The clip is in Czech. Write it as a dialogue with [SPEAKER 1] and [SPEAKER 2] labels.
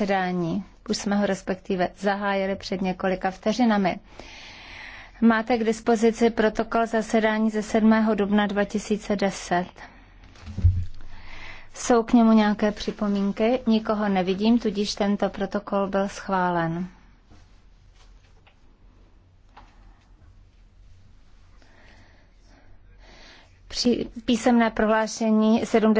[SPEAKER 1] zasedání. Už jsme ho respektive zahájili před několika vteřinami. Máte k dispozici protokol zasedání ze 7. dubna 2010. Jsou k němu nějaké připomínky? Nikoho nevidím, tudíž tento protokol byl schválen. Při písemné
[SPEAKER 2] prohlášení 70